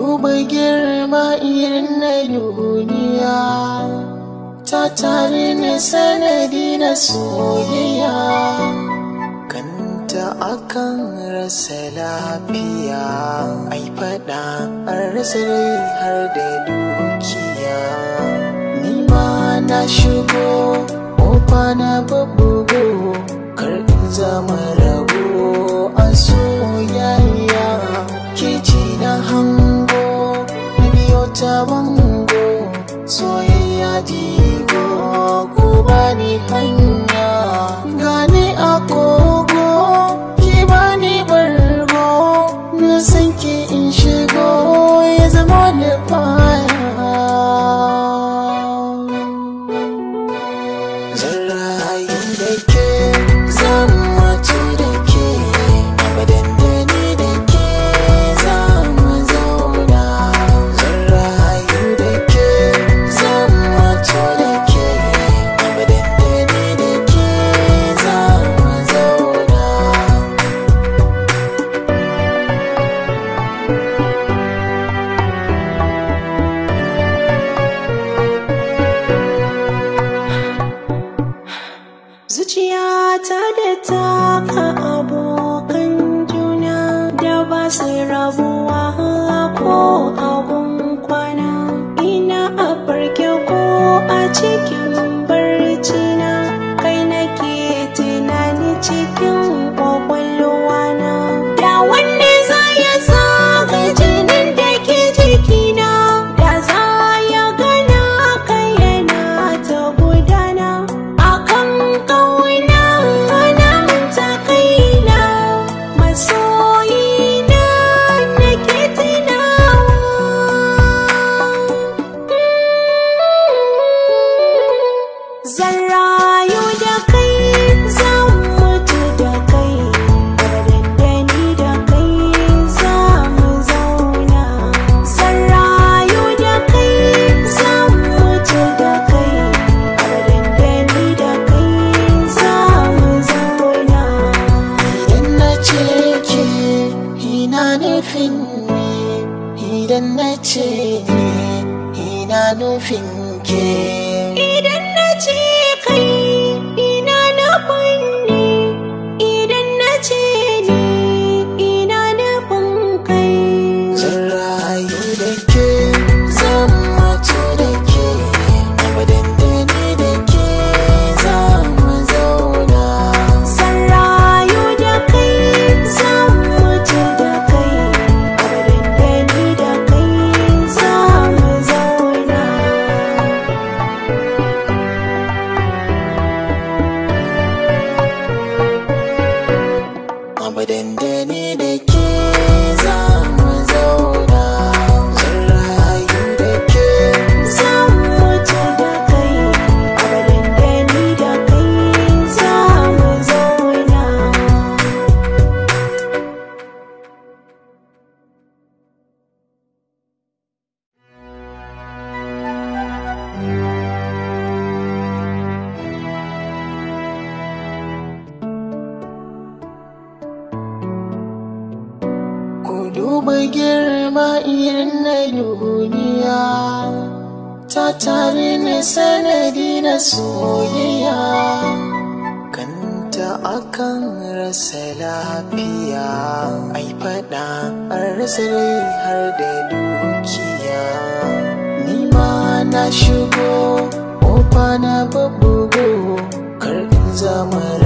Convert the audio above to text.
duba girma irin na duniya ta tare ni sanadi na soyayya kanta akan rasa lafiya ai faɗa an rasa har da dukiya ni ma na shigo ofa na babugo kar in zama hanya gani a kogo ki bani bargo na sanki in shigo ya zama da fara ba su rabuwa ko abun kwana ina a ko a cikin ce ina nufin ke duba girma irin na duniya ta tare ni sanadi na soyayya kanta akan rasa lafiya ai fada an rasa har da dukiya ni ma na shigo ko na babu go zamani.